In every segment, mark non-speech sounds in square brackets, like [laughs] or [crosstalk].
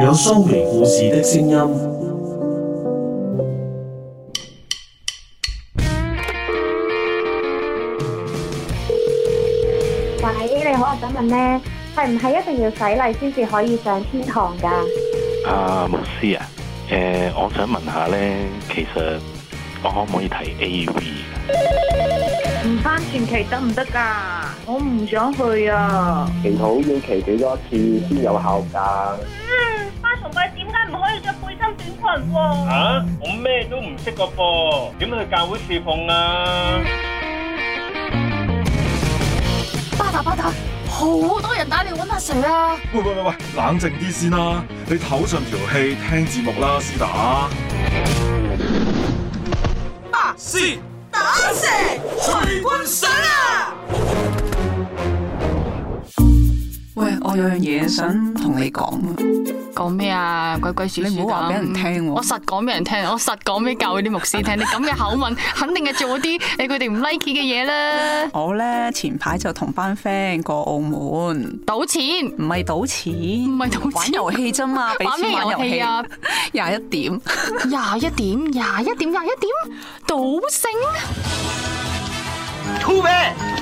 有蘇眉故事的聲音。喂，你好，我想問呢，係唔係一定要洗禮先至可以上天堂噶？阿牧師啊，誒、啊呃，我想問下呢，其實我可唔可以睇 AV？唔翻傳奇得唔得噶？我唔想去啊！祈禱要祈禱幾多次先有效噶？嗯，花崇拜點解唔可以着背心短裙，裙？啊，我咩都唔識個噃，點去教會侍奉啊？巴打巴打，好，好多人打嚟搵阿蛇啊！喂喂喂喂，冷靜啲先啦、啊，你唞順條氣，聽節目啦，絲打。八斯士打蛇，徐君想啊！士我有樣嘢想同你講啊，講咩啊？鬼鬼祟祟，你唔好話俾人聽喎。我實講俾人聽，我實講俾教嗰啲牧師聽。你咁嘅口吻，肯定係做嗰啲誒，佢哋唔 like 嘅嘢啦。我咧前排就同班 friend 過澳門賭錢，唔係賭錢，唔係賭錢，玩遊戲啫嘛。玩咩遊戲啊？廿一點，廿一點，廿一點，廿一點，賭聖。two 咩？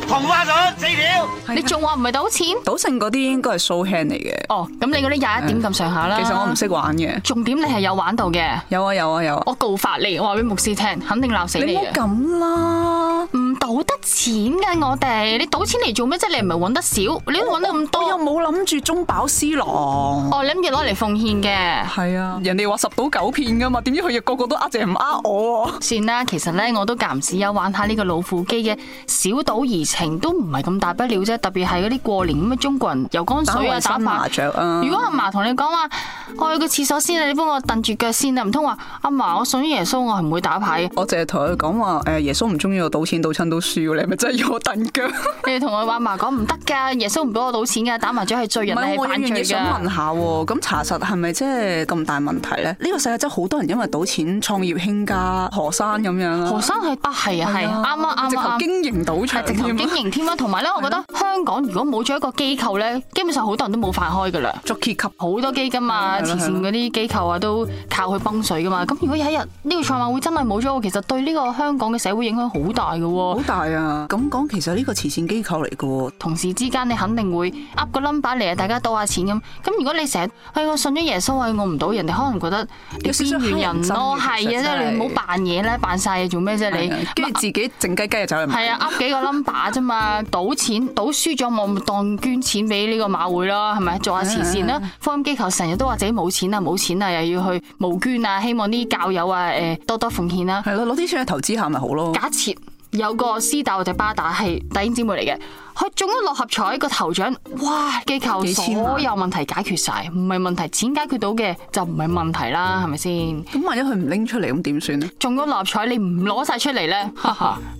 同花順四條，你仲話唔係賭錢？賭剩嗰啲應該係 show hand 嚟嘅。哦，咁你嗰啲廿一點咁上下啦。其實我唔識玩嘅。重點你係有玩到嘅。有啊有啊有啊。我告發你，我話俾牧師聽，肯定鬧死你。你唔好咁啦，唔賭得。錢嘅、啊、我哋，你賭錢嚟做咩啫？你唔係搵得少，你都搵得咁多我我。我又冇諗住中飽私囊。哦，你諗住攞嚟奉獻嘅。係、嗯、啊，人哋話十賭九騙噶嘛，點知佢又個個都呃人唔呃我。算啦，其實咧我都夾唔有玩下呢個老虎機嘅小賭怡情，都唔係咁大不了啫。特別係嗰啲過年咁啊，中國人游江水啊，打麻雀牌、啊。如果阿嫲同你講話，我去個廁所先啊，你幫我蹬住腳先啊，唔通話阿嫲，我信耶穌，我係唔會打牌。我淨係同佢講話，誒，耶穌唔中意我賭錢，賭親都輸。你咪真係要我凳腳？你同我話嫲講唔得㗎，耶穌唔俾我賭錢㗎，打麻雀係罪人定係犯罪㗎？我好願意想問下喎，咁查實係咪真係咁大問題咧？呢個世界真係好多人因為賭錢創業興家何生咁樣啦。何生係啊，係啊，係啊，啱啊，啱啊，直頭經營賭場直頭經營添啊。同埋咧，我覺得香港如果冇咗一個機構咧，基本上好多人都冇飯開㗎啦。足球及好多基金啊，慈善嗰啲機構啊，都靠佢崩水㗎嘛。咁如果有一日呢個賽馬會真係冇咗，其實對呢個香港嘅社會影響好大㗎喎。好大啊！咁講，其實呢個慈善機構嚟嘅，同事之間你肯定會噏個 number 嚟啊，大家賭下錢咁。咁如果你成日，去我信咗耶穌啊，我唔到人哋，可能覺得你邊緣人咯，係啊，即係你唔好扮嘢咧，扮晒嘢做咩啫？你跟住自己靜雞雞就走去係啊，噏幾個 number 啫嘛，賭錢賭輸咗，我咪當捐錢俾呢個馬會咯，係咪？做下慈善啦，福音機構成日都話自己冇錢啊，冇錢啊，又要去募捐啊，希望啲教友啊，誒，多多奉獻啦。係咯，攞啲錢去投資下咪好咯。假設有個絲打或者巴打係弟兄姊妹嚟嘅。佢中咗六合彩個頭獎，哇！機構所有問題解決晒，唔係問題，錢解決到嘅就唔係問題啦，係咪先？咁吧萬一佢唔拎出嚟咁點算咧？呢中咗六合彩你唔攞晒出嚟咧，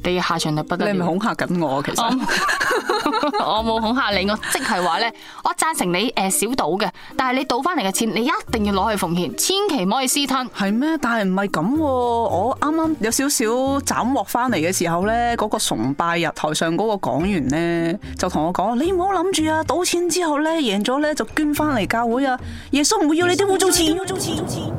你下場就不得了。你係咪恐嚇緊我？啊，其實 [laughs] [laughs] 我冇恐嚇你，我即係話咧，我贊成你誒、呃、小賭嘅，但係你賭翻嚟嘅錢你一定要攞去奉獻，千祈唔可以私吞。係咩？但係唔係咁，我啱啱有少少斬獲翻嚟嘅時候咧，嗰、嗰個崇拜日台上嗰個講員咧。就同我講，你唔好諗住啊！賭錢之後咧，贏咗咧就捐翻嚟教會啊！耶穌唔會要你啲污糟錢。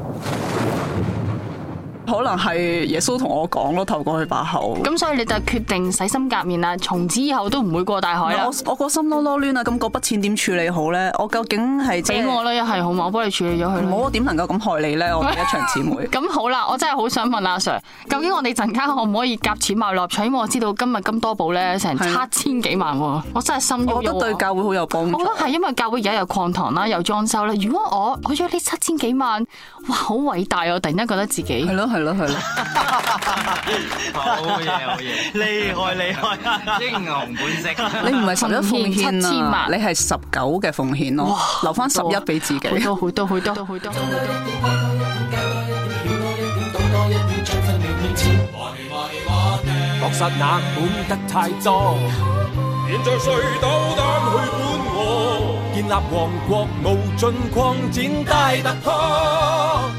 可能係耶穌同我講咯，透過去把口。咁所以你就決定洗心革面啦，從此以後都唔會過大海啦。我心、那個心囉囉攣啦，咁嗰筆錢點處理好咧？我究竟係俾、就是、我啦？又係好嘛？我幫你處理咗佢。我點能夠咁害你咧？我哋一場姊妹。咁 [laughs] [laughs] 好啦，我真係好想問阿 Sir，究竟我哋陣間可唔可以夾錢買落？搶？因為我知道今日金多寶咧成七千幾萬喎，的我真係心鬱鬱。我都對教會好有幫助。我覺得係因為教會而家又擴堂啦，又裝修啦。如果我攞咗呢七千幾萬，哇，好偉大！我突然間覺得自己係咯，係咯，好嘢好嘢，厲害厲害，英雄本色。你唔係十一奉獻啊，你係十九嘅奉獻咯，留翻十一俾自己。多好多好多好多。確實，我管得太多。現在誰鬥膽去管我？建立王國，無盡擴展大突破。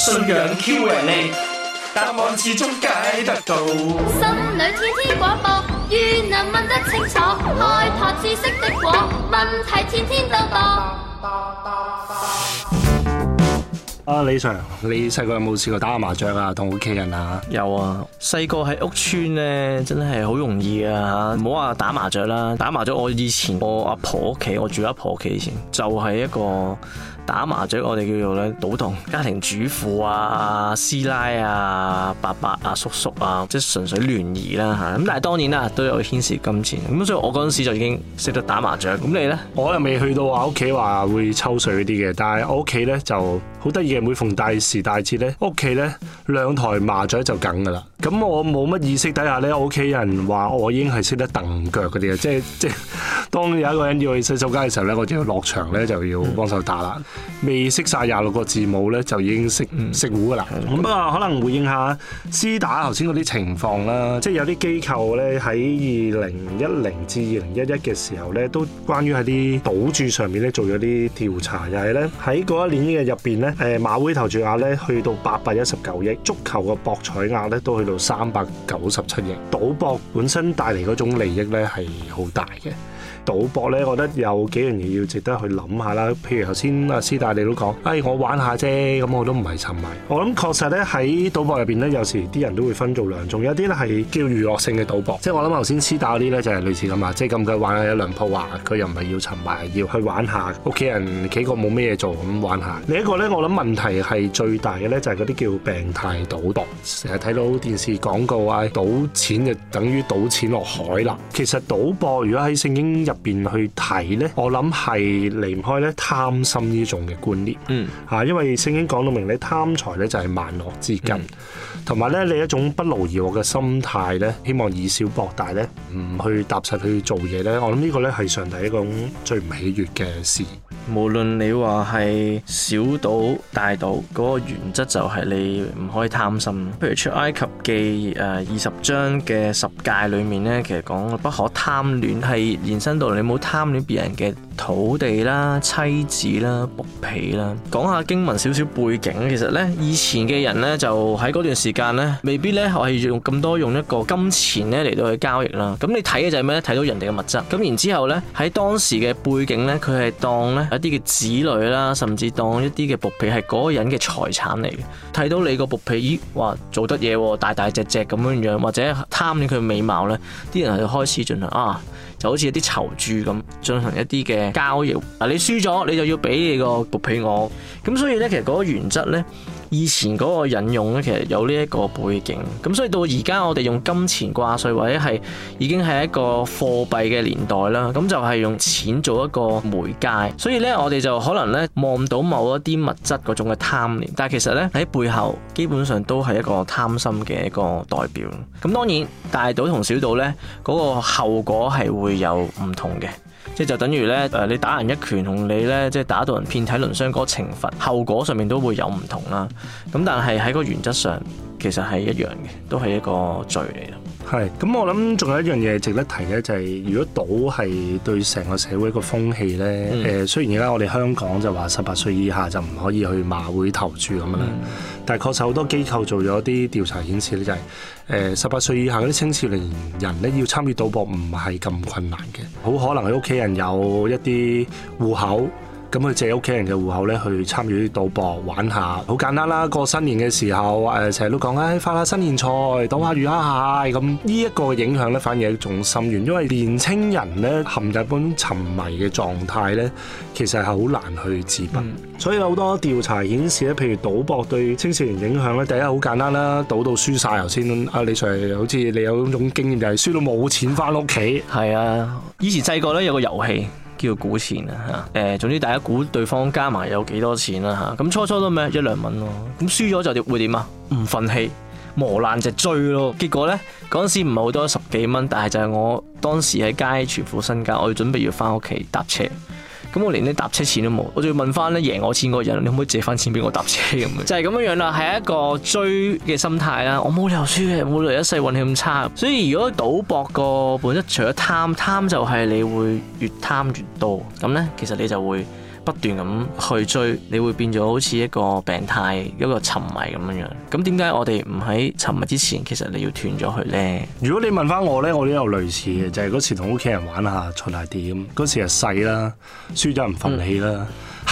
信仰 Q and A，答案始終解得到。心裏天天廣播，願能問得清楚。開拓知識的果，問題天天都多。阿、啊、李 Sir 你細個有冇試過打麻雀啊？同屋企人啊？有啊，細個喺屋村咧，真係好容易噶、啊、吓。唔好話打麻雀啦，打麻雀我以前我阿婆屋企，我住喺阿婆屋企以前，就係、是、一個。打麻雀我哋叫做咧賭動，家庭主婦啊、師奶啊、伯伯啊、叔叔啊，即係純粹聯誼啦嚇。咁但係當然啦，都有牽涉金錢。咁所以我嗰陣時就已經識得打麻雀。咁你咧，我又未去到話屋企話會抽水嗰啲嘅，但係我屋企咧就。好得意嘅每逢大時大節咧，屋企咧兩枱麻雀就梗㗎喇。咁我冇乜意識底下咧，我屋企人話我已經係識得蹬腳嗰啲啊！即係即係，當有一個人要去洗手間嘅時候咧，我就要落場咧就要幫手打喇。嗯、未識晒廿六個字母咧，就已經識識糊㗎喇。咁不過可能回應下私打頭先嗰啲情況啦，即係有啲機構咧喺二零一零至二零一一嘅時候咧，都關於喺啲賭注上面咧做咗啲調查，又係咧喺嗰一年嘅入邊咧。誒馬會投注額咧去到八百一十九億，足球嘅博彩額咧都去到三百九十七億，賭博本身帶嚟嗰種利益咧係好大嘅。賭博咧，我覺得有幾樣嘢要值得去諗下啦。譬如頭先阿師大你都講，誒、哎、我玩下啫，咁我都唔係沉迷。我諗確實咧喺賭博入邊咧，有時啲人都會分做兩種，有啲咧係叫娛樂性嘅賭博，即係我諗頭先師大嗰啲咧就係類似咁啊，即係咁佢玩一兩鋪話，佢又唔係要沉迷，要去玩下屋企人幾個冇咩嘢做咁玩下。另一個咧，我諗問題係最大嘅咧，就係嗰啲叫病態賭博，成日睇到電視廣告啊，賭錢就等於賭錢落海啦。其實賭博如果喺聖經入邊去睇咧，我諗係離唔開咧貪心呢種嘅觀念，吓、嗯，因為聖經講到明，你貪財咧就係萬惡之根，同埋咧，你一種不勞而獲嘅心態咧，希望以小博大咧，唔去踏實去做嘢呢，我諗呢個呢係上帝一種最唔喜悅嘅事。無論你話係小賭大賭，嗰、那個原則就係你唔可以貪心。譬如出埃及記誒二十章嘅十誡裏面咧，其實講不可貪戀，係延伸到你冇貪戀別人嘅。土地啦、妻子啦、僕婢啦，講下經文少少背景。其實呢，以前嘅人呢，就喺嗰段時間呢，未必呢我係用咁多用一個金錢呢嚟到去交易啦。咁你睇嘅就係咩呢？睇到人哋嘅物質。咁然之後呢，喺當時嘅背景呢，佢係當呢一啲嘅子女啦，甚至當一啲嘅僕婢係嗰個人嘅財產嚟嘅。睇到你個僕婢，咦？哇，做得嘢喎、哦，大大隻隻咁樣樣，或者貪戀佢美貌呢，啲人係開始進行啊。就好似一啲籌注咁，進行一啲嘅交易。嗱、啊，你輸咗，你就要俾你個俾我。咁所以呢，其實嗰個原則呢。以前嗰個引用咧，其實有呢一個背景咁，所以到而家我哋用金錢掛帥，或者係已經係一個貨幣嘅年代啦。咁就係用錢做一個媒介，所以呢，我哋就可能呢望唔到某一啲物質嗰種嘅貪念，但係其實呢，喺背後基本上都係一個貪心嘅一個代表。咁當然大賭同小賭呢，嗰、嗰個後果係會有唔同嘅。即就等於咧，誒你打人一拳同你咧，即係打到人遍體鱗傷，個懲罰後果上面都會有唔同啦。咁但係喺個原則上其實係一樣嘅，都係一個罪嚟啦。係，咁我諗仲有一樣嘢值得提嘅就係、是、如果賭係對成個社會個風氣呢，誒、嗯、雖然而家我哋香港就話十八歲以下就唔可以去馬會投注咁樣啦，嗯、但係確實好多機構做咗啲調查顯示呢就係誒十八歲以下嗰啲青少年人呢，要參與賭博唔係咁困難嘅，好可能佢屋企人有一啲戶口。咁佢借屋企人嘅戶口咧去參與啲賭博玩下，好簡單啦。過新年嘅時候，誒成日都講，誒、哎、發下新年財，賭下魚蝦蟹。咁呢一個影響咧，反而係一種深遠，因為年青人咧陷入一般沉迷嘅狀態咧，其實係好難去自拔。嗯、所以有好多調查顯示咧，譬如賭博對青少年影響咧，第一好簡單啦，賭到輸晒頭先。阿李 Sir 好似你有嗰種經驗就係、是、輸到冇錢翻屋企。係啊，以前細個咧有個遊戲。叫做估錢啊，誒、呃，總之大家估對方加埋有幾多錢啦嚇。咁、啊、初初都咩一兩蚊咯，咁輸咗就點會點啊？唔忿氣，磨爛就追咯。結果呢，嗰陣時唔係好多十幾蚊，但係就係我當時喺街全副身家，我要準備要翻屋企搭車，咁我連啲搭車錢都冇，我就要問翻贏我錢嗰人，你可唔可以借翻錢俾我搭車 [laughs] 就係咁樣樣，係一個追嘅心態啦。我冇理由輸嘅，冇理由一世運氣咁差。所以如果賭博個本質除了，除咗貪貪就係你會越貪越多，咁咧其實你就會。不斷咁去追，你會變咗好似一個病態，一個沉迷咁樣樣。咁點解我哋唔喺沉迷之前，其實你要斷咗佢呢？如果你問翻我呢，我都有類似嘅，就係、是、嗰時同屋企人玩下鋤大 D，嗰時係細啦，輸咗唔忿氣啦。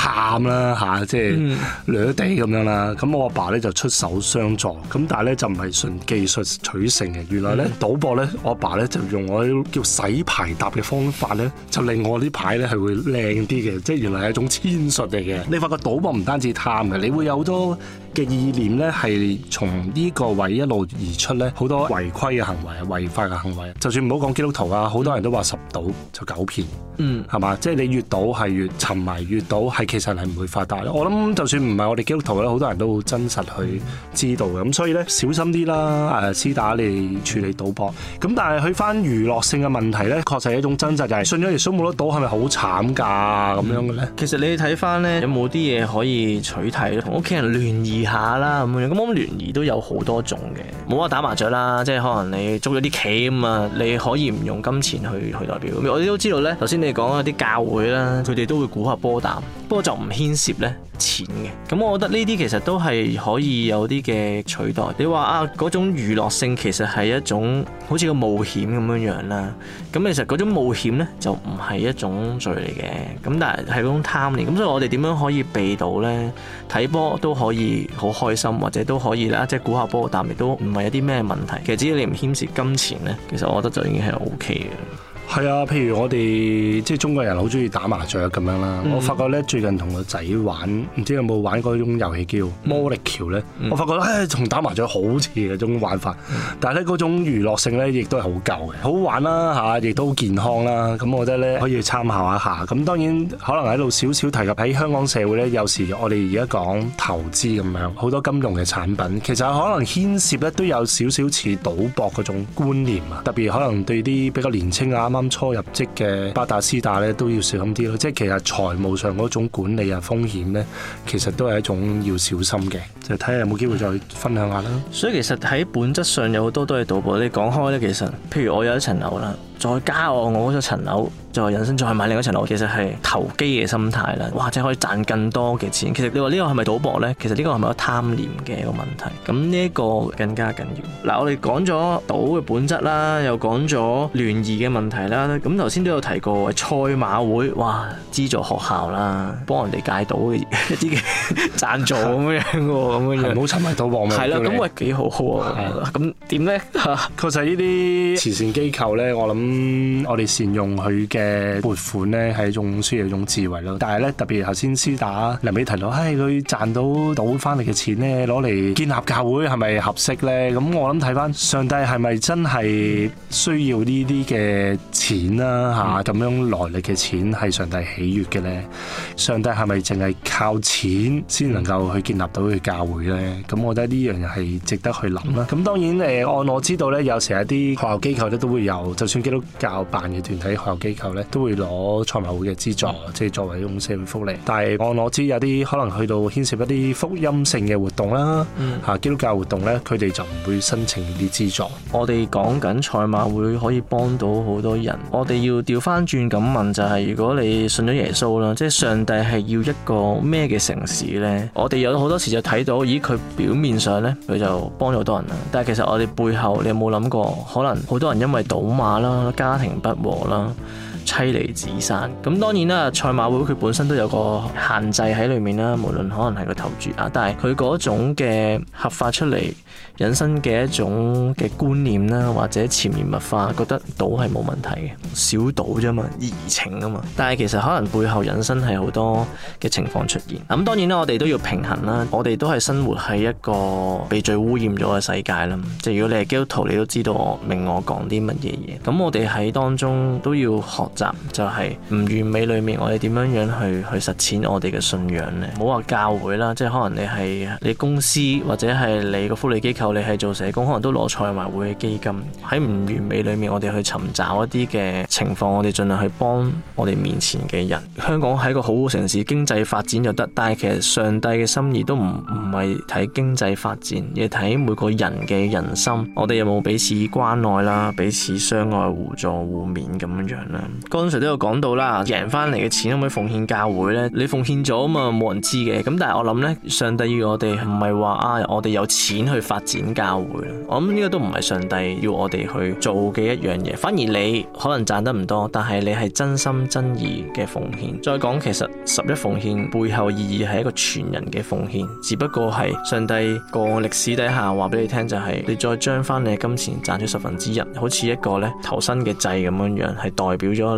啱啦，嚇，即係掠地咁樣啦。咁、嗯、我阿爸咧就出手相助。咁但係咧就唔係純技術取勝嘅。原來咧賭、嗯、博咧，我阿爸咧就用我叫洗牌搭嘅方法咧，就令我啲牌咧係會靚啲嘅。即係原來係一種千術嚟嘅。你發覺賭博唔單止貪嘅，你會有好多嘅意念咧，係從呢個位一路而出咧，好多違規嘅行為、違法嘅行為。就算唔好講基督徒啊，好多人都話十賭就九騙。嗯，係嘛？即係你越賭係越沉迷，越賭係其實係唔會發達咯。我諗就算唔係我哋基督徒咧，好多人都好真實去知道嘅。咁所以咧，小心啲啦，誒，私打你處理賭博。咁、嗯、但係去翻娛樂性嘅問題咧，確實係一種真實、就是。就係信咗耶穌冇得賭，係咪好慘㗎咁樣嘅咧、嗯？其實你睇翻咧，有冇啲嘢可以取替同屋企人聯誼下啦，咁樣。咁我諗聯誼都有好多種嘅，冇話打麻雀啦，即係可能你捉咗啲棋咁啊，你可以唔用金錢去去代表。我哋都知道咧，頭先你。講嗰啲教會啦，佢哋都會估下波膽，不過就唔牽涉咧錢嘅。咁我覺得呢啲其實都係可以有啲嘅取代。你話啊，嗰種娛樂性其實係一種好似個冒險咁樣樣啦。咁其實嗰種冒險咧就唔係一種罪嚟嘅。咁但係係嗰種貪念。咁所以我哋點樣可以避到咧？睇波都可以好開心，或者都可以啦、啊，即係估下波膽，亦都唔係一啲咩問題。其實只要你唔牽涉金錢咧，其實我覺得就已經係 OK 嘅。係啊，譬如我哋即係中國人好鍾意打麻雀咁樣啦。嗯、我發覺咧最近同個仔玩，唔知有冇玩過一種遊戲叫魔力橋咧？呢嗯、我發覺咧同打麻雀好似嗰種玩法，嗯、但係咧嗰種娛樂性咧亦都係好夠嘅，好玩啦嚇，亦都健康啦。咁我覺得咧可以參考一下。咁當然可能喺度少少提及喺香港社會咧，有時我哋而家講投資咁樣，好多金融嘅產品其實可能牽涉咧都有少少似賭博嗰種觀念啊，特別可能對啲比較年輕啊初入職嘅八大師大咧都要小心啲咯，即係其實財務上嗰種管理啊風險咧，其實都係一種要小心嘅，就睇下有冇機會再分享下啦、嗯。所以其實喺本質上有好多都係賭博，你講開咧，其實譬如我有一層樓啦。再加我我嗰一層樓，再引申再買另一層樓，其實係投機嘅心態啦。或者可以賺更多嘅錢。其實你話呢個係咪賭博呢？其實呢個係咪有貪念嘅一個問題？咁呢一個更加緊要。嗱，我哋講咗賭嘅本質啦，又講咗聯誼嘅問題啦。咁頭先都有提過賽馬會，哇，資助學校啦，幫人哋戒賭嘅一啲贊助咁樣嘅，咁樣唔好沉迷賭博咩？係啦是，咁喂幾好喎？咁點 [laughs] 呢？確實呢啲慈善機構呢，我諗。嗯，我哋善用佢嘅撥款呢，係一種需要一種智慧咯。但係呢，特別頭先師打林美提到，唉、哎，佢賺到賭翻嚟嘅錢呢，攞嚟建立教會係咪合適呢？」咁我諗睇翻上帝係咪真係需要呢啲嘅錢啦？嚇，咁樣來歷嘅錢係上帝喜悅嘅呢。上帝係咪淨係靠錢先能夠去建立到佢教會呢？咁我覺得呢樣嘢係值得去諗啦。咁、嗯、當然誒，按我知道呢，有時候一啲學校機構咧都會有，就算教辦嘅團體、學校機構咧，都會攞賽馬會嘅資助，即係、嗯、作為一種社會福利。但係我攞知有啲可能去到牽涉一啲福音性嘅活動啦，吓、嗯啊、基督教活動咧，佢哋就唔會申請呢啲資助。我哋講緊賽馬會可以幫到好多人，我哋要調翻轉咁問就係、是：如果你信咗耶穌啦，即係上帝係要一個咩嘅城市咧？我哋有好多時就睇到，咦，佢表面上咧佢就幫咗好多人啦，但係其實我哋背後，你有冇諗過，可能好多人因為賭馬啦，家庭不和啦。妻離子散，咁當然啦，賽馬會佢本身都有個限制喺裏面啦，無論可能係個投注啊，但係佢嗰種嘅合法出嚟引申嘅一種嘅觀念啦，或者潛移默化覺得賭係冇問題嘅，小賭啫嘛，怡情啊嘛，但係其實可能背後引申係好多嘅情況出現。咁當然啦，我哋都要平衡啦，我哋都係生活喺一個被罪污染咗嘅世界啦。即係如果你係基督徒，你都知道我明我講啲乜嘢嘢。咁我哋喺當中都要學。就係唔完美裡面我哋點樣樣去去實踐我哋嘅信仰呢？冇話教會啦，即係可能你係你公司或者係你個福利機構，你係做社工，可能都攞賽馬會嘅基金，喺唔完美裡面我，我哋去尋找一啲嘅情況，我哋盡量去幫我哋面前嘅人。香港係一個好好城市，經濟發展就得，但係其實上帝嘅心意都唔唔係睇經濟發展，而係睇每個人嘅人心。我哋有冇彼此關愛啦，彼此相愛互助互勉咁樣樣啦。剛才都有講到啦，贏翻嚟嘅錢可唔可以奉獻教會呢？你奉獻咗啊嘛，冇人知嘅。咁但係我諗呢，上帝要我哋唔係話啊，我哋有錢去發展教會。我諗呢個都唔係上帝要我哋去做嘅一樣嘢。反而你可能賺得唔多，但係你係真心真意嘅奉獻。再講，其實十一奉獻背後意義係一個全人嘅奉獻，只不過係上帝個歷史底下話俾你聽，就是，就係你再將翻你嘅金錢賺出十分之一，好似一個咧投身嘅祭咁樣樣，係代表咗。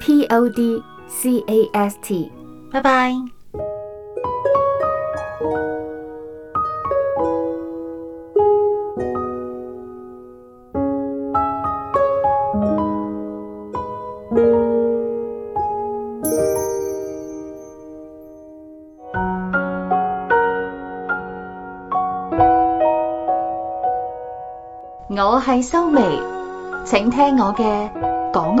Podcast，拜拜。我係修眉，請聽我嘅港女。